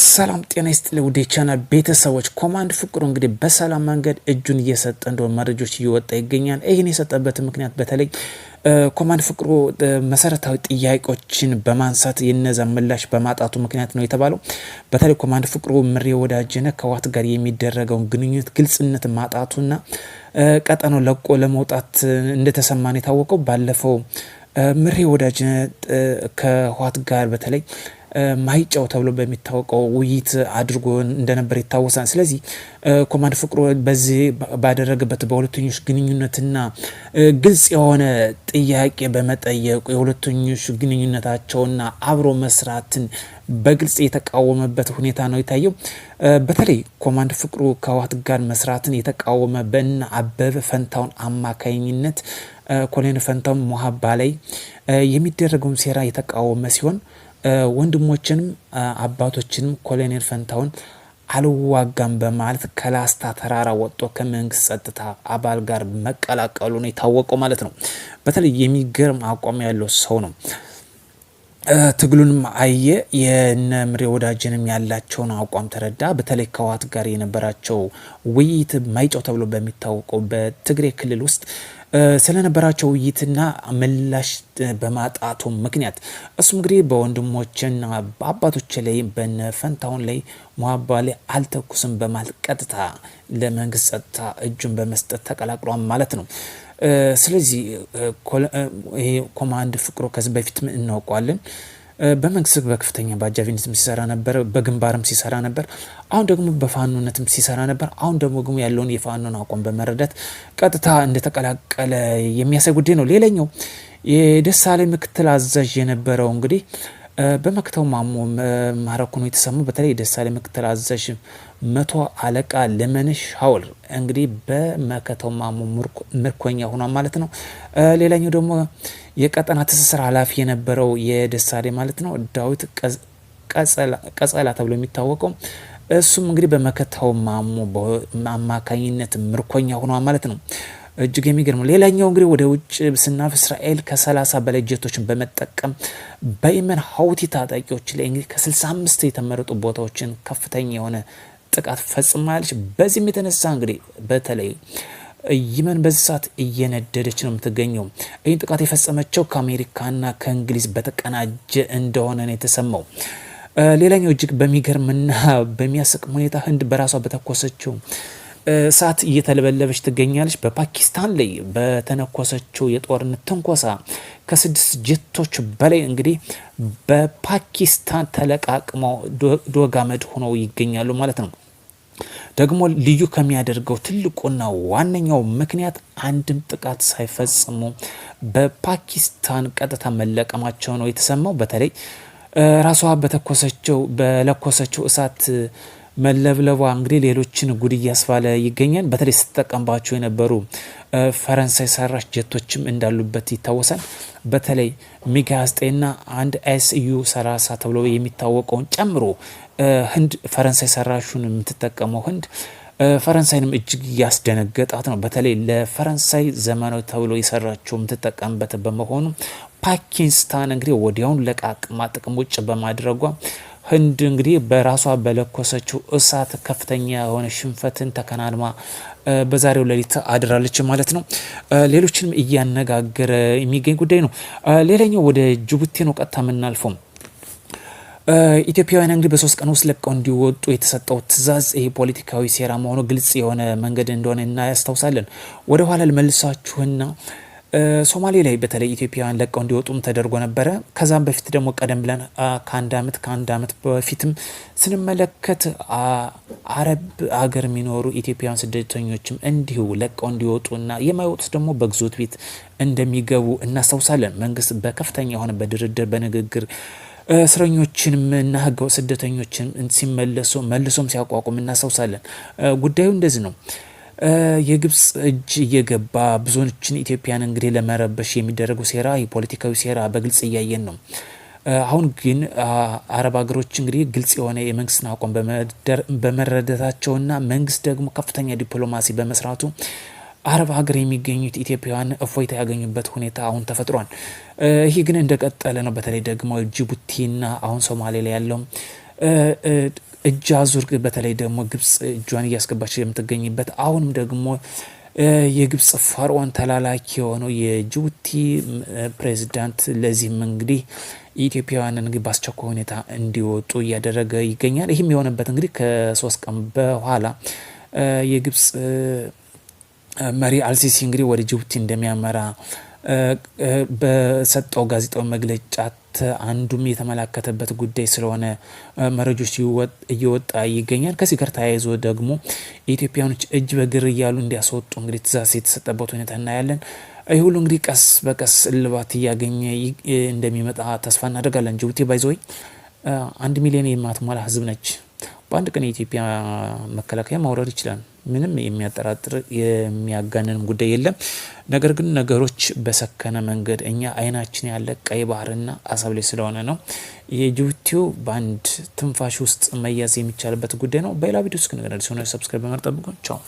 ሰላም ጤና ይስጥልኝ ውዴ ቻናል ቤተሰቦች፣ ኮማንድ ፍቅሩ እንግዲህ በሰላም መንገድ እጁን እየሰጠ እንደሆነ መረጃዎች እየወጣ ይገኛል። ይህን የሰጠበት ምክንያት በተለይ ኮማንድ ፍቅሩ መሰረታዊ ጥያቄዎችን በማንሳት የነዛ ምላሽ በማጣቱ ምክንያት ነው የተባለው። በተለይ ኮማንድ ፍቅሩ ምሬ ወዳጅነ ከዋት ጋር የሚደረገውን ግንኙነት ግልጽነት ማጣቱና ቀጠናው ለቆ ለመውጣት እንደተሰማን የታወቀው ባለፈው ምሬ ወዳጅነህ ከህወሓት ጋር በተለይ ማይጫው ተብሎ በሚታወቀው ውይይት አድርጎ እንደነበር ይታወሳል። ስለዚህ ኮማንድ ፍቅሩ በዚህ ባደረገበት በሁለተኞች ግንኙነትና ግልጽ የሆነ ጥያቄ በመጠየቁ የሁለተኞች ግንኙነታቸውና አብሮ መስራትን በግልጽ የተቃወመበት ሁኔታ ነው የታየው። በተለይ ኮማንድ ፍቅሩ ከህወሓት ጋር መስራትን የተቃወመ በእነ አበበ ፈንታውን አማካኝነት ኮሎኔል ፈንታውን ሞሀባ ላይ የሚደረገውን ሴራ የተቃወመ ሲሆን ወንድሞችንም አባቶችንም ኮሎኔል ፈንታውን አልዋጋም በማለት ከላስታ ተራራ ወጥቶ ከመንግስት ጸጥታ አባል ጋር መቀላቀሉ ነው የታወቀው ማለት ነው። በተለይ የሚገርም አቋም ያለው ሰው ነው። ትግሉንም አየ። የነ ምሬ ወዳጅንም ያላቸውን አቋም ተረዳ። በተለይ ከህወሓት ጋር የነበራቸው ውይይት ማይጨው ተብሎ በሚታወቀው በትግሬ ክልል ውስጥ ስለነበራቸው ውይይትና ምላሽ በማጣቱ ምክንያት እሱም እንግዲህ በወንድሞችና በአባቶች ላይ በነ ፈንታሁን ላይ ሞሀባ ላይ አልተኩስም በማለት ቀጥታ ለመንግስት ጸጥታ እጁን በመስጠት ተቀላቅሏል ማለት ነው። ስለዚህ ይሄ ኮማንድ ፍቅሮ ከዚህ በፊት ምን እናውቀዋለን። በመንግስት በከፍተኛ በአጃቢነትም ሲሰራ ነበር፣ በግንባርም ሲሰራ ነበር። አሁን ደግሞ በፋኖነትም ሲሰራ ነበር። አሁን ደግሞ ደግሞ ያለውን የፋኖን አቋም በመረዳት ቀጥታ እንደተቀላቀለ የሚያሳይ ጉዳይ ነው። ሌላኛው የደሳለኝ ምክትል አዛዥ የነበረው እንግዲህ በመክተው ማሞ ማረኩ ነው የተሰማው። በተለይ የደሳለኝ ምክትል አዛዥ መቶ አለቃ ለመንሽ ሀውል እንግዲህ በመከተው ማሞ ምርኮኛ ሆኗል ማለት ነው። ሌላኛው ደግሞ የቀጠና ትስስር ኃላፊ የነበረው የደሳሌ ማለት ነው ዳዊት ቀጸላ ተብሎ የሚታወቀው እሱም እንግዲህ በመከተው ማሞ አማካኝነት ምርኮኛ ሆኗል ማለት ነው። እጅግ የሚገርመው ሌላኛው እንግዲህ ወደ ውጭ ስናፍ እስራኤል ከ30 በላይ ጀቶችን በመጠቀም በየመን ሀውቲ ታጣቂዎች ላይ እንግዲህ ከ65 የተመረጡ ቦታዎችን ከፍተኛ የሆነ ጥቃት ፈጽማለች። በዚህም የተነሳ እንግዲህ በተለይ የመን በዚህ ሰዓት እየነደደች ነው የምትገኘው። ይህን ጥቃት የፈጸመችው ከአሜሪካና ከእንግሊዝ በተቀናጀ እንደሆነ ነው የተሰማው። ሌላኛው እጅግ በሚገርምና በሚያስቅም ሁኔታ ህንድ በራሷ በተኮሰችው እሳት እየተለበለበች ትገኛለች። በፓኪስታን ላይ በተነኮሰችው የጦርነት ትንኮሳ ከስድስት ጀቶች በላይ እንግዲህ በፓኪስታን ተለቃቅመው ዶጋመድ ሆነው ይገኛሉ ማለት ነው። ደግሞ ልዩ ከሚያደርገው ትልቁና ዋነኛው ምክንያት አንድም ጥቃት ሳይፈጽሙ በፓኪስታን ቀጥታ መለቀማቸው ነው የተሰማው። በተለይ ራሷ በተኮሰችው በለኮሰችው እሳት መለብለቧ እንግዲህ ሌሎችን ጉድ እያስባለ ይገኛል። በተለይ ስትጠቀምባቸው የነበሩ ፈረንሳይ ሰራሽ ጀቶችም እንዳሉበት ይታወሳል። በተለይ ሚግ ና አንድ ኤስዩ 30 ተብሎ የሚታወቀውን ጨምሮ ህንድ ፈረንሳይ ሰራሹን የምትጠቀመው ህንድ ፈረንሳይንም እጅግ እያስደነገጣት ነው። በተለይ ለፈረንሳይ ዘመናዊ ተብሎ የሰራቸው የምትጠቀምበት በመሆኑ ፓኪስታን እንግዲህ ወዲያውን ለቃቅማ ጥቅም ውጭ በማድረጓ ህንድ እንግዲህ በራሷ በለኮሰችው እሳት ከፍተኛ የሆነ ሽንፈትን ተከናንማ በዛሬው ሌሊት አድራለች ማለት ነው። ሌሎችንም እያነጋገረ የሚገኝ ጉዳይ ነው። ሌላኛው ወደ ጅቡቲ ነው ቀጥታ የምናልፈው። ኢትዮጵያውያን እንግዲህ በሶስት ቀን ውስጥ ለቀው እንዲወጡ የተሰጠው ትዕዛዝ ይህ ፖለቲካዊ ሴራ መሆኑ ግልጽ የሆነ መንገድ እንደሆነ እናያስታውሳለን። ወደ ኋላ ልመልሳችሁና ሶማሌ ላይ በተለይ ኢትዮጵያውያን ለቀው እንዲወጡም ተደርጎ ነበረ። ከዛም በፊት ደግሞ ቀደም ብለን ከአንድ አመት ከአንድ አመት በፊትም ስንመለከት አረብ አገር የሚኖሩ ኢትዮጵያውያን ስደተኞችም እንዲሁ ለቀው እንዲወጡና የማይወጡት ደግሞ በግዞት ቤት እንደሚገቡ እናስታውሳለን። መንግስት በከፍተኛ የሆነ በድርድር በንግግር እስረኞችንም እና ህገወጥ ስደተኞችን ሲመለሱ መልሶም ሲያቋቁም እናስታውሳለን። ጉዳዩ እንደዚህ ነው። የግብጽ እጅ እየገባ ብዙዎችን ኢትዮጵያን እንግዲህ ለመረበሽ የሚደረጉ ሴራ የፖለቲካዊ ሴራ በግልጽ እያየን ነው። አሁን ግን አረብ ሀገሮች እንግዲህ ግልጽ የሆነ የመንግስትን አቋም በመረዳታቸውና መንግስት ደግሞ ከፍተኛ ዲፕሎማሲ በመስራቱ አረብ ሀገር የሚገኙት ኢትዮጵያውያን እፎይታ ያገኙበት ሁኔታ አሁን ተፈጥሯል። ይህ ግን እንደቀጠለ ነው። በተለይ ደግሞ ጅቡቲና አሁን ሶማሌ ላይ ያለው እጅ አዙር በተለይ ደግሞ ግብጽ እጇን እያስገባች የምትገኝበት አሁንም ደግሞ የግብጽ ፈርዖን ተላላኪ የሆነው የጅቡቲ ፕሬዚዳንት ለዚህም እንግዲህ ኢትዮጵያውያንን እንግዲህ በአስቸኳይ ሁኔታ እንዲወጡ እያደረገ ይገኛል። ይህም የሆነበት እንግዲህ ከሶስት ቀን በኋላ የግብጽ መሪ አልሲሲ እንግዲህ ወደ ጅቡቲ እንደሚያመራ በሰጠው ጋዜጣዊ መግለጫ አንዱም የተመላከተበት ጉዳይ ስለሆነ መረጆች እየወጣ ይገኛል። ከዚህ ጋር ተያይዞ ደግሞ ኢትዮጵያኖች እጅ በግር እያሉ እንዲያስወጡ እንግዲህ ትእዛዝ የተሰጠበት ሁኔታ እናያለን። ይህ ሁሉ እንግዲህ ቀስ በቀስ እልባት እያገኘ እንደሚመጣ ተስፋ እናደርጋለን። ጅቡቲ ባይዘወይ አንድ ሚሊዮን የማትሟላ ህዝብ ነች። በአንድ ቀን የኢትዮጵያ መከላከያ ማውረድ ይችላል። ምንም የሚያጠራጥር የሚያጋንንም ጉዳይ የለም። ነገር ግን ነገሮች በሰከነ መንገድ እኛ አይናችን ያለ ቀይ ባህርና አሰብ ላይ ስለሆነ ነው። የጅቡቲው በአንድ ትንፋሽ ውስጥ መያዝ የሚቻልበት ጉዳይ ነው። በሌላ ቪዲዮ እስክንገናኝ ሰብስክራይብ በማድረግ ቻው